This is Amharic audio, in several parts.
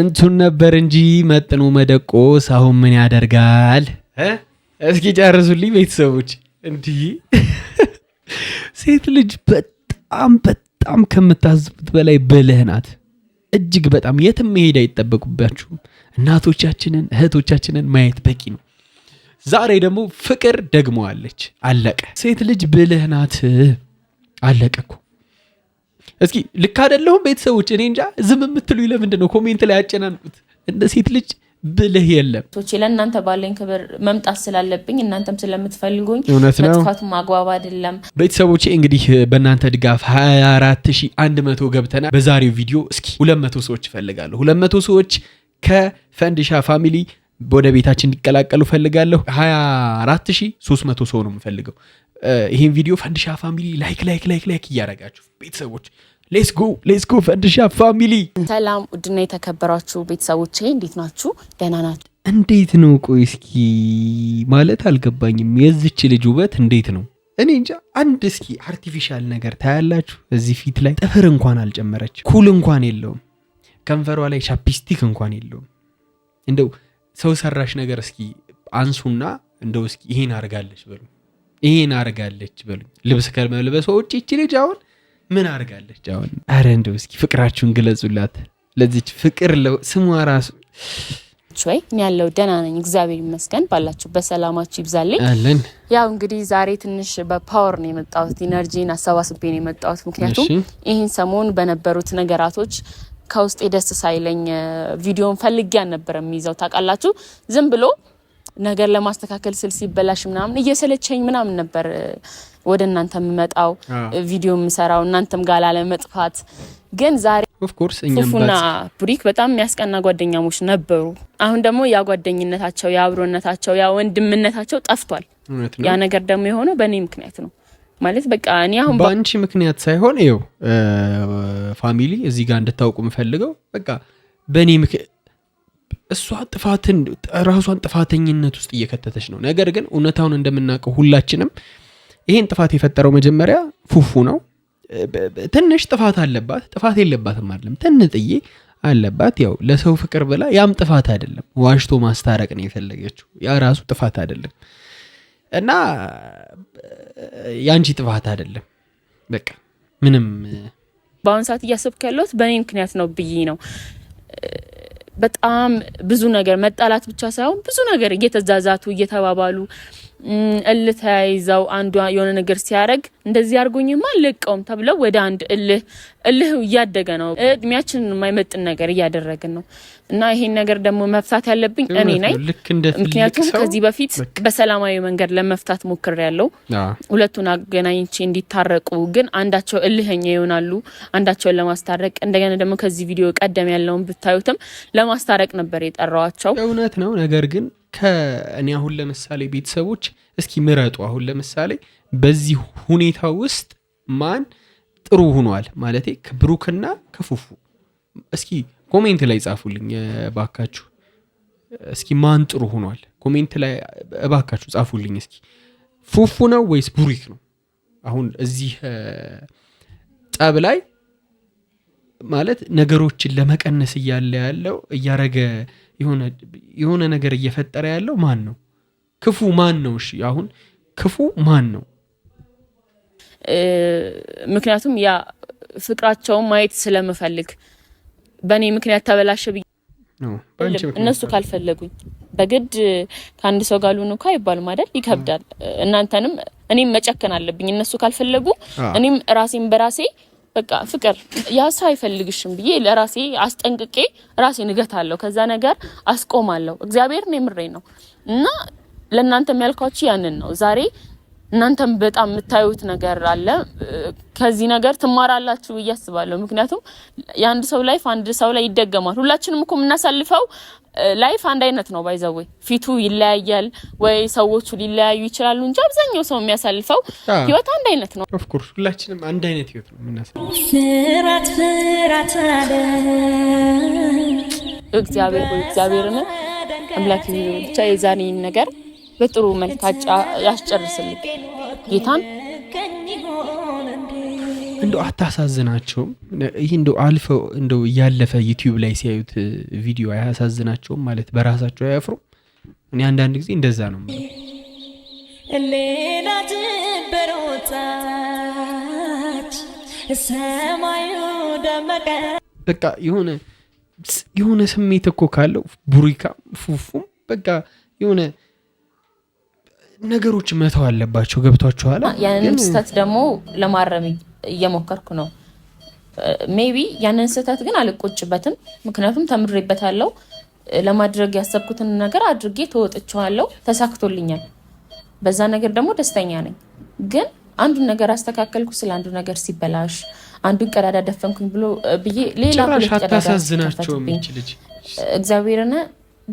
እንቱን ነበር እንጂ መጥኖ መደቆስ አሁን ምን ያደርጋል? እስኪ ጨርሱልኝ ቤተሰቦች። እንዲህ ሴት ልጅ በጣም በጣም ከምታዝቡት በላይ ብልህ ናት። እጅግ በጣም የትም መሄድ አይጠበቁባችሁም። እናቶቻችንን እህቶቻችንን ማየት በቂ ነው። ዛሬ ደግሞ ፍቅር ደግመዋለች። አለቀ። ሴት ልጅ ብልህ ናት። አለቀ እኮ። እስኪ ልክ አደለሁም ቤተሰቦች? እኔ እንጃ ዝም የምትሉ ለምንድን ነው? ኮሜንት ላይ ያጨናንቁት እንደ ሴት ልጅ ብልህ የለም። ለእናንተ ባለኝ ክብር መምጣት ስላለብኝ እናንተም ስለምትፈልጉኝ መጥፋቱ ማግባብ አይደለም። ቤተሰቦቼ እንግዲህ በእናንተ ድጋፍ 24100 ገብተናል። በዛሬው ቪዲዮ እስኪ 200 ሰዎች እፈልጋለሁ። 200 ሰዎች ከፈንድሻ ፋሚሊ ወደ ቤታችን እንዲቀላቀሉ ፈልጋለሁ። 24300 ሰው ነው የምፈልገው። ይህን ቪዲዮ ፈንድሻ ፋሚሊ ላይክ ላይክ ላይክ ላይክ እያደረጋችሁ ቤተሰቦች ሌስ ጎ ሌስ ጎ ፈንድሻ ፋሚሊ። ሰላም ውድና የተከበራችሁ ቤተሰቦቼ እንዴት ናችሁ? ደህና ናችሁ? እንዴት ነው? ቆይ እስኪ ማለት አልገባኝም። የዝች ልጅ ውበት እንዴት ነው? እኔ እንጃ። አንድ እስኪ አርቲፊሻል ነገር ታያላችሁ እዚህ ፊት ላይ ጥፍር እንኳን አልጨመረች፣ ኩል እንኳን የለውም፣ ከንፈሯ ላይ ቻፕስቲክ እንኳን የለውም። እንደው ሰው ሰራሽ ነገር እስኪ አንሱና እንደው እስኪ ይሄን አድርጋለች በሉ ይህን አርጋለች በሉኝ። ልብስ ከመልበስ ውጭ ይቺ ልጅ አሁን ምን አርጋለች? አሁን አረ እንደው እስኪ ፍቅራችሁን ግለጹላት። ለዚች ፍቅር ለው ስሟ ራሱ ወይ እኔ ያለው ደህና ነኝ፣ እግዚአብሔር ይመስገን። ባላችሁ በሰላማችሁ ይብዛልኝ። አለን ያው እንግዲህ ዛሬ ትንሽ በፓወር ነው የመጣሁት፣ ኢነርጂን አሰባስቤ ነው የመጣሁት። ምክንያቱም ይህን ሰሞን በነበሩት ነገራቶች ከውስጤ ደስ ሳይለኝ ቪዲዮን ፈልጌ አልነበረ የሚይዘው ታውቃላችሁ፣ ዝም ብሎ ነገር ለማስተካከል ስል ሲበላሽ ምናምን እየሰለቸኝ ምናምን ነበር ወደ እናንተ የምመጣው ቪዲዮ የምሰራው እናንተም ጋር ላለመጥፋት። ግን ዛሬ ፉፉና ቡሪክ በጣም የሚያስቀና ጓደኛሞች ነበሩ። አሁን ደግሞ ያ ጓደኝነታቸው፣ ያ አብሮነታቸው፣ ያ ወንድምነታቸው ጠፍቷል። ያ ነገር ደግሞ የሆነው በእኔ ምክንያት ነው ማለት በቃ እኔ አሁን በአንቺ ምክንያት ሳይሆን ይኸው ፋሚሊ እዚህ ጋር እንድታውቁ የምፈልገው በቃ በእኔ ምክንያት እሷ ጥፋትን ራሷን ጥፋተኝነት ውስጥ እየከተተች ነው። ነገር ግን እውነታውን እንደምናውቀው ሁላችንም ይህን ጥፋት የፈጠረው መጀመሪያ ፉፉ ነው። ትንሽ ጥፋት አለባት፣ ጥፋት የለባትም አይደለም፣ ትንጥዬ አለባት። ያው ለሰው ፍቅር ብላ ያም ጥፋት አይደለም፣ ዋሽቶ ማስታረቅ ነው የፈለገችው። ያ ራሱ ጥፋት አይደለም እና የአንቺ ጥፋት አይደለም። በቃ ምንም በአሁን ሰዓት እያሰብክ ያለሁት በእኔ ምክንያት ነው ብዬ ነው በጣም ብዙ ነገር መጣላት ብቻ ሳይሆን ብዙ ነገር እየተዛዛቱ እየተባባሉ እልህ ተያይዘው አንዷ የሆነ ነገር ሲያደርግ እንደዚህ አድርጎኝማ አልለቀውም ተብለው ወደ አንድ እልህ እልህ እያደገ ነው። እድሜያችን የማይመጥን ነገር እያደረግን ነው እና ይሄን ነገር ደግሞ መፍታት ያለብኝ እኔ ነኝ። ምክንያቱም ከዚህ በፊት በሰላማዊ መንገድ ለመፍታት ሞክሬያለሁ። ሁለቱን አገናኝቼ እንዲታረቁ፣ ግን አንዳቸው እልህኛ ይሆናሉ አንዳቸውን ለማስታረቅ እንደገና ደግሞ ከዚህ ቪዲዮ ቀደም ያለውን ብታዩትም ለማስታረቅ ነበር የጠራዋቸው። እውነት ነው ነገር ግን ከእኔ አሁን ለምሳሌ ቤተሰቦች እስኪ ምረጡ። አሁን ለምሳሌ በዚህ ሁኔታ ውስጥ ማን ጥሩ ሆኗል? ማለቴ ከብሩክና ከፉፉ እስኪ ኮሜንት ላይ ጻፉልኝ እባካችሁ። እስኪ ማን ጥሩ ሆኗል? ኮሜንት ላይ እባካችሁ ጻፉልኝ። እስኪ ፉፉ ነው ወይስ ቡሪክ ነው? አሁን እዚህ ጠብ ላይ ማለት ነገሮችን ለመቀነስ እያለ ያለው እያረገ የሆነ ነገር እየፈጠረ ያለው ማን ነው? ክፉ ማን ነው? እሺ አሁን ክፉ ማን ነው? ምክንያቱም ያ ፍቅራቸውን ማየት ስለምፈልግ በእኔ ምክንያት ተበላሸ እነሱ ካልፈለጉኝ በግድ ከአንድ ሰው ጋር ልሁን እኮ አይባልም አይደል? ይከብዳል። እናንተንም እኔም መጨከን አለብኝ። እነሱ ካልፈለጉ እኔም ራሴን በራሴ በቃ ፍቅር ያሳ አይፈልግሽም ብዬ ለራሴ አስጠንቅቄ ንገት አለው ከዛ ነገር አስቆማለሁ። እግዚአብሔር ነው የምሬ ነው። እና ለእናንተ የሚያልኳችሁ ያንን ነው። ዛሬ እናንተም በጣም የምታዩት ነገር አለ። ከዚህ ነገር ትማራላችሁ ብዬ አስባለሁ። ምክንያቱም የአንድ ሰው ላይፍ አንድ ሰው ላይ ይደገማል። ሁላችንም እኮ የምናሳልፈው ላይፍ አንድ አይነት ነው። ባይዘዌ ፊቱ ይለያያል ወይ ሰዎቹ ሊለያዩ ይችላሉ እንጂ አብዛኛው ሰው የሚያሳልፈው ህይወት አንድ አይነት ነው። ኮርስ ሁላችንም አንድ አይነት ህይወት ነው የምናሳልፈው። ፍራት ፍራት አለ እግዚአብሔር ወይ እግዚአብሔርን አምላክ ብቻ የዛኔን ነገር በጥሩ መልክ ያስጨርስልኝ ጌታን እንደ አታሳዝናቸውም? ይህ እንደ አልፈው እንደው እያለፈ ዩቲዩብ ላይ ሲያዩት ቪዲዮ አያሳዝናቸውም? ማለት በራሳቸው አያፍሩም? እኔ አንዳንድ ጊዜ እንደዛ ነው። ሌላ ሰማዩ ደመቀ። በቃ የሆነ የሆነ ስሜት እኮ ካለው ቡሪካ ፉፉም በቃ የሆነ ነገሮች መተው አለባቸው። ገብቷቸኋላ ያንን ስህተት ደግሞ ለማረም እየሞከርኩ ነው። ሜቢ ያንን ስህተት ግን አልቆጭበትም፣ ምክንያቱም ተምሬበታለሁ። ለማድረግ ያሰብኩትን ነገር አድርጌ ተወጥቼዋለሁ፣ ተሳክቶልኛል። በዛ ነገር ደግሞ ደስተኛ ነኝ። ግን አንዱን ነገር አስተካከልኩ ስለ አንዱ ነገር ሲበላሽ አንዱን ቀዳዳ ደፈንኩኝ ብሎ ብዬ ሌላ እግዚአብሔርን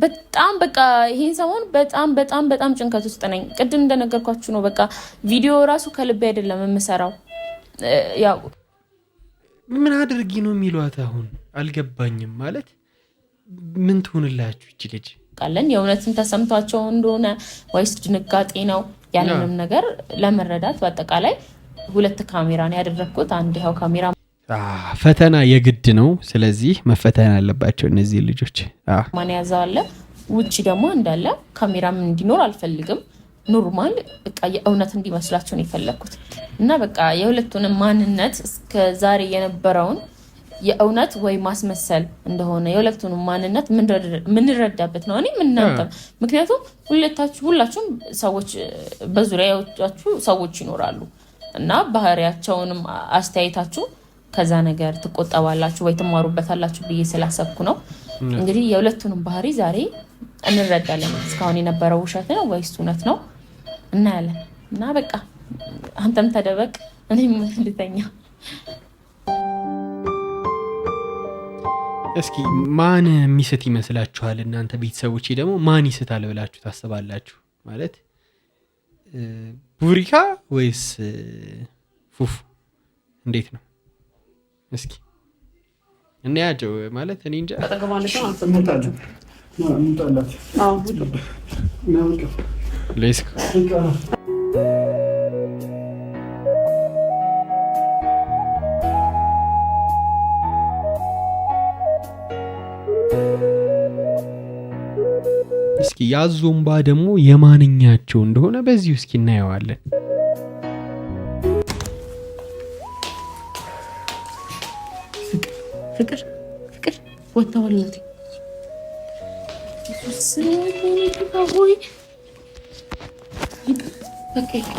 በጣም በቃ ይህን ሰሞን በጣም በጣም በጣም ጭንቀት ውስጥ ነኝ። ቅድም እንደነገርኳችሁ ነው። በቃ ቪዲዮ ራሱ ከልቤ አይደለም የምሰራው ያው ምን አድርጊ ነው የሚሏት? አሁን አልገባኝም። ማለት ምን ትሆንላችሁ እች ልጅ ቃለን የእውነትን ተሰምቷቸው እንደሆነ ወይስ ድንጋጤ ነው? ያለንም ነገር ለመረዳት በአጠቃላይ ሁለት ካሜራ ነው ያደረግኩት። አንድ ያው ካሜራ ፈተና የግድ ነው። ስለዚህ መፈተን አለባቸው እነዚህ ልጆች። ማን ያዘዋለ ውጭ ደግሞ እንዳለ ካሜራም እንዲኖር አልፈልግም ኖርማል በቃ የእውነት እንዲመስላችሁ ነው የፈለግኩት እና በቃ የሁለቱንም ማንነት እስከ ዛሬ የነበረውን የእውነት ወይ ማስመሰል እንደሆነ የሁለቱንም ማንነት የምንረዳበት ነው። እኔ ምናንተም ምክንያቱም ሁለታችሁ ሁላችሁም ሰዎች በዙሪያ ሰዎች ይኖራሉ እና ባህሪያቸውንም አስተያየታችሁ ከዛ ነገር ትቆጠባላችሁ ወይ ትማሩበታላችሁ ብዬ ስላሰብኩ ነው። እንግዲህ የሁለቱንም ባህሪ ዛሬ እንረዳለን። እስካሁን የነበረው ውሸት ነው ወይስ እውነት ነው? እናያለን። እና በቃ አንተም ተደበቅ፣ እኔም ልተኛ። እስኪ ማን የሚስት ይመስላችኋል? እናንተ ቤተሰቦች ደግሞ ማን ይስታል ብላችሁ ታስባላችሁ? ማለት ቡሪካ ወይስ ፉፉ? እንዴት ነው? እስኪ እናያቸው። ማለት እኔ እንጃ Leysk. እስኪ ያዞምባ ደግሞ የማንኛቸው እንደሆነ በዚሁ እስኪ እናየዋለን። ፍቅር ፍቅር ወጥተዋል።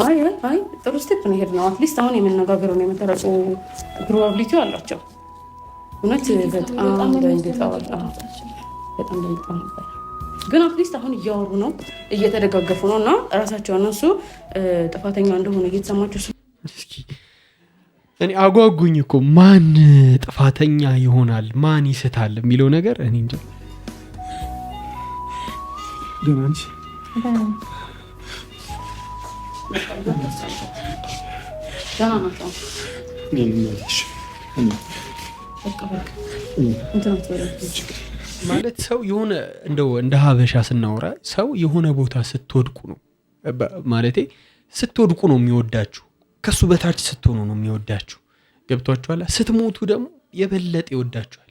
አይ አይ ጥሩ ስቴፕ ነው የሄድነው። አትሊስት አሁን የመነጋገረው ነው ፕሮባብሊቲ አላቸው። እውነት በጣም ደንግጠዋል፣ ግን አትሊስት አሁን እያወሩ ነው፣ እየተደጋገፉ ነው እና እራሳቸውን ጥፋተኛ እንደሆነ እየተሰማቸው እኔ አጓጉኝ እኮ ማን ጥፋተኛ ይሆናል ማን ይስታል የሚለው ነገር እኔ እንጃ ማለት ሰው የሆነ እንደው እንደ ሀበሻ ስናወራ ሰው የሆነ ቦታ ስትወድቁ ነው ማለቴ ስትወድቁ ነው የሚወዳችሁ። ከሱ በታች ስትሆኑ ነው የሚወዳችሁ። ገብቷችኋላ? ስትሞቱ ደግሞ የበለጠ ይወዳችኋል።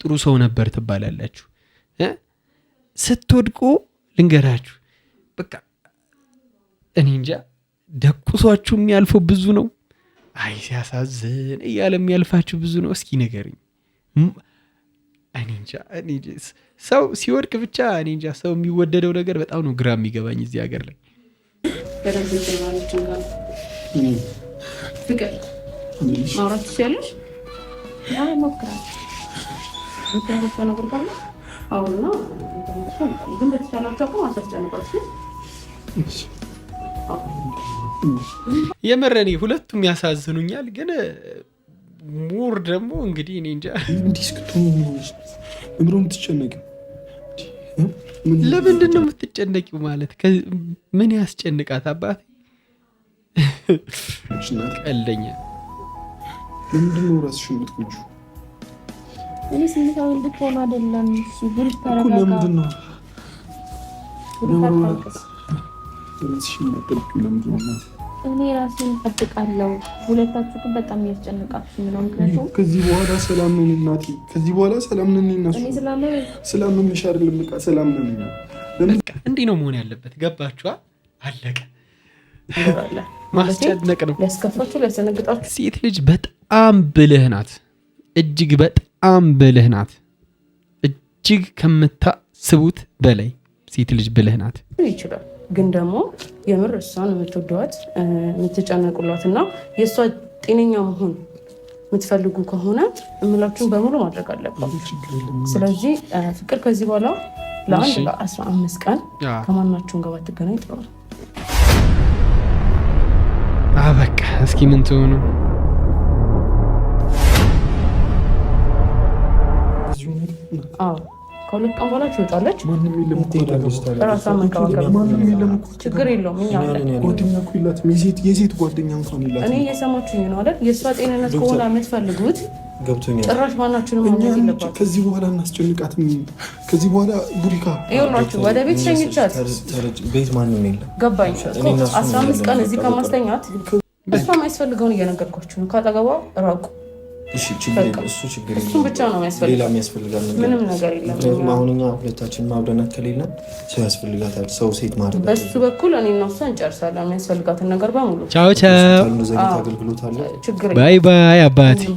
ጥሩ ሰው ነበር ትባላላችሁ። ስትወድቁ ልንገራችሁ፣ በቃ እኔ እንጃ ደቁሷችሁ የሚያልፈው ብዙ ነው። አይ ሲያሳዝን እያለ የሚያልፋችሁ ብዙ ነው። እስኪ ንገረኝ። እኔ እንጃ ሰው ሲወድቅ ብቻ እኔ እንጃ ሰው የሚወደደው ነገር በጣም ነው ግራ የሚገባኝ እዚህ ሀገር ላይ ማውራት የመረኔ እኔ ሁለቱም ያሳዝኑኛል፣ ግን ሙር ደግሞ እንግዲህ እኔ እንጃ እንዲህ እስክትሆን ምሮ ለምንድን ነው የምትጨነቂው? ማለት ምን ያስጨንቃት? አባት ቀለኛ ምንድን ነው ራስሽ የምትጎጁ? እኔ ስሜታዊ እንድትሆን ለምንድን ነው ራስሽ ለምንድን ነው? እኔ ራሴን እጠብቃለሁ። ሁለታችሁ ግን በጣም ያስጨንቃችሁ ነው። ምክንያቱም ከዚህ በኋላ ሰላም ነን እናቴ፣ ከዚህ በኋላ ሰላም ነን እናሱ ሰላም ነንሽ አይደለም፣ በቃ ሰላም ነን። እንዲህ ነው መሆን ያለበት። ገባችኋ? አለቀ። ማስጨነቅ ነው። ሊያስከፋችሁ፣ ሊያስደነግጣችሁ። ሴት ልጅ በጣም ብልህ ናት፣ እጅግ በጣም ብልህ ናት፣ እጅግ ከምታስቡት በላይ ሴት ልጅ ብልህ ናት ይችላል ግን ደግሞ የምር እሷን የምትወደዋት የምትጨነቁሏት እና የእሷ ጤነኛ መሆን የምትፈልጉ ከሆነ እምላችሁን በሙሉ ማድረግ አለባችሁ። ስለዚህ ፍቅር ከዚህ በኋላ ለአንድ ለአስራ አምስት ቀን ከማናቸውን ጋር ባትገናኝ ጥሩ ነው። እስኪ ምን ትሆኑ አዎ ከሁለት ቀን በኋላ ትወጣለች። ራሷን መንከባከብ ችግር የለውም። የሴት ጓደኛ እንኳን እኔ እየሰማችሁኝ ነው አይደል? የእሷ ጤንነት ከሆነ የምትፈልጉት ገብቶኛል። ጭራሽ ማናችሁንም ከዚህ በኋላ ከዚህ በኋላ ቡሪካ ወደ ቤት ሸኝቻት፣ ቤት ማንም የለም። ገባኝ። አስራ አምስት ቀን እዚህ ከማስተኛት እሷ የማያስፈልገውን እየነገርኳችሁ ነው። ካጠገቧ ራቁ እሺ ችግር የለም። እሱ ችግር የለም። እሱን ብቻ ነው የሚያስፈልገው። ሌላ የሚያስፈልጋል ምንም ነገር የለም። ምክንያቱም አሁን እኛ ሁለታችን ማብረናት ከሌለን ሰው ያስፈልጋታል። ሰው ሴት ማለት በሱ በኩል እኔ እና እሷ እንጨርሳለን የሚያስፈልጋትን ነገር በሙሉ። ቻው ቻው። አገልግሎት አለ። ባይ ባይ አባቴ